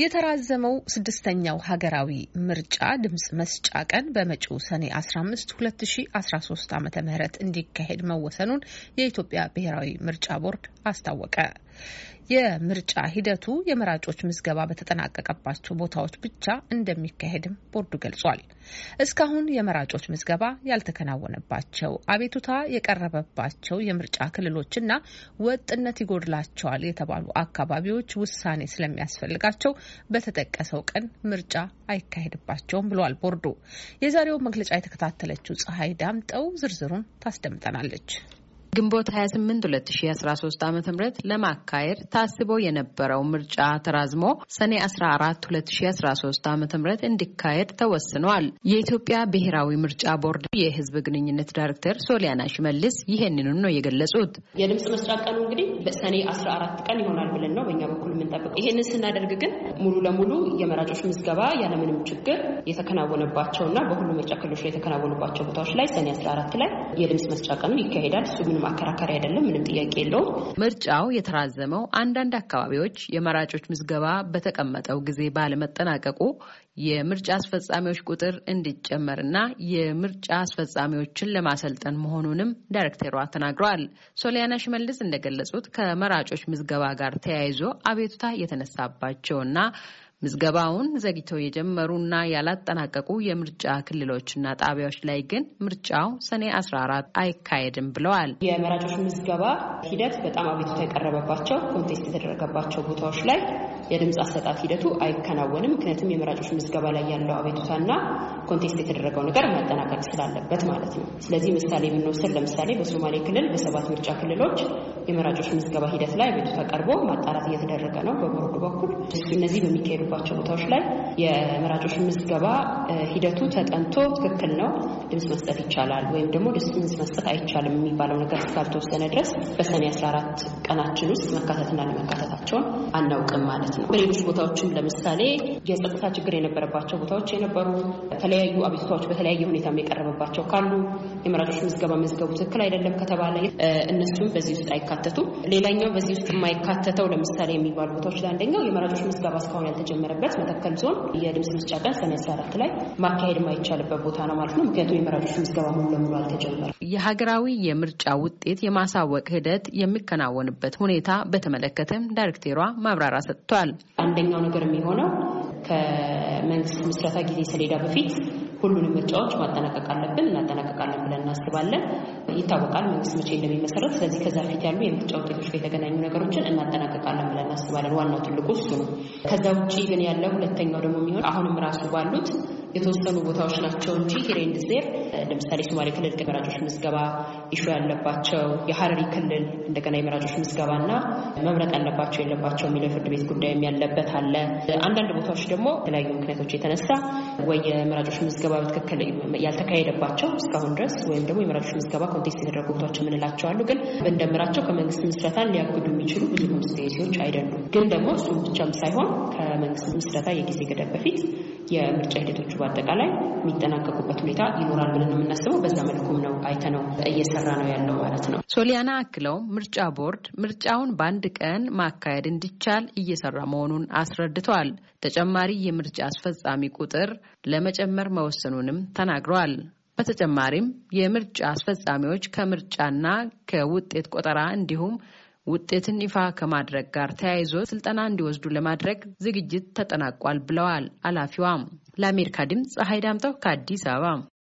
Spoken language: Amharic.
የተራዘመው ስድስተኛው ሀገራዊ ምርጫ ድምፅ መስጫ ቀን በመጪው ሰኔ 15 2013 ዓ ም እንዲካሄድ መወሰኑን የኢትዮጵያ ብሔራዊ ምርጫ ቦርድ አስታወቀ። የምርጫ ሂደቱ የመራጮች ምዝገባ በተጠናቀቀባቸው ቦታዎች ብቻ እንደሚካሄድም ቦርዱ ገልጿል። እስካሁን የመራጮች ምዝገባ ያልተከናወነባቸው፣ አቤቱታ የቀረበባቸው የምርጫ ክልሎችና ወጥነት ይጎድላቸዋል የተባሉ አካባቢዎች ውሳኔ ስለሚያስፈልጋቸው በተጠቀሰው ቀን ምርጫ አይካሄድባቸውም ብሏል ቦርዱ። የዛሬው መግለጫ የተከታተለችው ፀሐይ ዳምጠው ዝርዝሩን ታስደምጠናለች። ግንቦት 28 2013 ዓ ም ለማካሄድ ታስቦ የነበረው ምርጫ ተራዝሞ ሰኔ 14 2013 ዓ ም እንዲካሄድ ተወስኗል። የኢትዮጵያ ብሔራዊ ምርጫ ቦርድ የህዝብ ግንኙነት ዳይሬክተር ሶሊያና ሽመልስ ይህንኑ ነው የገለጹት። የድምፅ መስጫ ቀኑ እንግዲህ በሰኔ 14 ቀን ይሆናል ብለን ነው በእኛ በኩል የምንጠብቀው። ይህንን ስናደርግ ግን ሙሉ ለሙሉ የመራጮች ምዝገባ ያለምንም ችግር የተከናወነባቸው እና በሁሉም ምርጫ ክልሎች የተከናወኑባቸው ቦታዎች ላይ ሰኔ 14 ላይ የድምፅ መስጫ ቀኑ ይካሄዳል። እሱ ምንም አከራካሪ አይደለም፣ ምንም ጥያቄ የለውም። ምርጫው የተራዘመው አንዳንድ አካባቢዎች የመራጮች ምዝገባ በተቀመጠው ጊዜ ባለመጠናቀቁ የምርጫ አስፈጻሚዎች ቁጥር እንዲጨመርና የምርጫ አስፈጻሚዎችን ለማሰልጠን መሆኑንም ዳይሬክተሯ ተናግረዋል። ሶሊያና ሽመልስ እንደገለጹት ከመራጮች ምዝገባ ጋር ተያይዞ አቤቱታ የተነሳባቸውና ምዝገባውን ዘግተው የጀመሩና ያላጠናቀቁ የምርጫ ክልሎችና ጣቢያዎች ላይ ግን ምርጫው ሰኔ 14 አይካሄድም ብለዋል። የመራጮች ምዝገባ ሂደት በጣም አቤቱታ የቀረበባቸው ኮንቴስት የተደረገባቸው ቦታዎች ላይ የድምፅ አሰጣት ሂደቱ አይከናወንም። ምክንያቱም የመራጮች ምዝገባ ላይ ያለው አቤቱታና ኮንቴክስት የተደረገው ነገር ማጠናቀቅ ስላለበት ማለት ነው። ስለዚህ ምሳሌ የምንወስድ ለምሳሌ በሶማሌ ክልል በሰባት ምርጫ ክልሎች የመራጮች ምዝገባ ሂደት ላይ ቤቱ ተቀርቦ ማጣራት እየተደረገ ነው በቦርዱ በኩል። እነዚህ በሚካሄዱባቸው ቦታዎች ላይ የመራጮች ምዝገባ ሂደቱ ተጠንቶ ትክክል ነው ድምፅ መስጠት ይቻላል ወይም ደግሞ ድምፅ መስጠት አይቻልም የሚባለው ነገር እስካልተወሰነ ድረስ በሰኔ 14 ቀናችን ውስጥ መካተትና ለመካተታቸውን አናውቅም ማለት ነው። በሌሎች ቦታዎችም ለምሳሌ የጸጥታ ችግር የነበረባቸው ቦታዎች የነበሩ የተለያዩ አቤቱታዎች በተለያየ ሁኔታ የቀረበባቸው ካሉ የመራጮች ምዝገባ መዝገቡ ትክክል አይደለም ከተባለ እነሱም በዚህ ውስጥ አይካተቱም። ሌላኛው በዚህ ውስጥ የማይካተተው ለምሳሌ የሚባሉ ቦታዎች አንደኛው የመራጮች ምዝገባ እስካሁን ያልተጀመረበት መተከል ዞን የድምፅ መስጫ ቀን ሰኔ አስራ ላይ ማካሄድ የማይቻልበት ቦታ ነው ማለት ነው። ምክንያቱም የመራጮች ምዝገባ ሙሉ ለሙሉ አልተጀመረም። የሀገራዊ የምርጫ ውጤት የማሳወቅ ሂደት የሚከናወንበት ሁኔታ በተመለከተም ዳይሬክተሯ ማብራሪያ ሰጥቷል። አንደኛው ነገር የሚሆነው ከመንግስት ምስረታ ጊዜ ሰሌዳ በፊት ሁሉንም ምርጫዎች ማጠናቀቅ አለብን እናጠናቀቃለን ብለን እናስባለን። ይታወቃል መንግስት መቼ እንደሚመሰረት። ስለዚህ ከዛ ፊት ያሉ የምርጫ ውጤቶች ጋር የተገናኙ ነገሮችን እናጠናቀቃለን ብለን እናስባለን። ዋናው ትልቁ እሱ ነው። ከዛ ውጭ ግን ያለ ሁለተኛው ደግሞ የሚሆን አሁንም ራሱ ባሉት የተወሰኑ ቦታዎች ናቸው እንጂ ሄሬንድ ዜር ለምሳሌ ሶማሌ ክልል የመራጮች ምዝገባ ኢሹ ያለባቸው የሀረሪ ክልል እንደገና የመራጮች እና መምረጥ ያለባቸው የለባቸው የሚለው የፍርድ ቤት ጉዳይም ያለበት አለ። አንዳንድ ቦታዎች ደግሞ የተለያዩ ምክንያቶች የተነሳ ወይ የመራጮች ምዝገባ በትክክል ያልተካሄደባቸው እስካሁን ድረስ ወይም ደግሞ የመራጮች ምዝገባ ኮንቴስት የተደረጉ ቦታዎች የምንላቸው አሉ። ግን እንደምራቸው ከመንግስት ምስረታ ሊያግዱ የሚችሉ ብዙ ኮንስቲትዩንሲዎች አይደሉም። ግን ደግሞ እሱም ብቻም ሳይሆን ከመንግስት ምስረታ የጊዜ ገደብ በፊት የምርጫ ሂደቶቹ በአጠቃላይ የሚጠናቀቁበት ሁኔታ ይኖራል ብለን የምናስበው በዛ መልኩም ነው አይተ ነው እየሰራ ነው ያለው ማለት ነው። ሶሊያና አክለው ምርጫ ቦርድ ምርጫውን በአንድ ቀን ማካሄድ እንዲቻል እየሰራ መሆኑን አስረድተዋል። ተጨማሪ የምርጫ አስፈጻሚ ቁጥር ለመጨመር መወሰኑንም ተናግረዋል። በተጨማሪም የምርጫ አስፈጻሚዎች ከምርጫና ከውጤት ቆጠራ እንዲሁም ውጤትን ይፋ ከማድረግ ጋር ተያይዞ ስልጠና እንዲወስዱ ለማድረግ ዝግጅት ተጠናቋል ብለዋል ኃላፊዋም። ለአሜሪካ ድምፅ ፀሐይ ዳምጠው ከአዲስ አበባ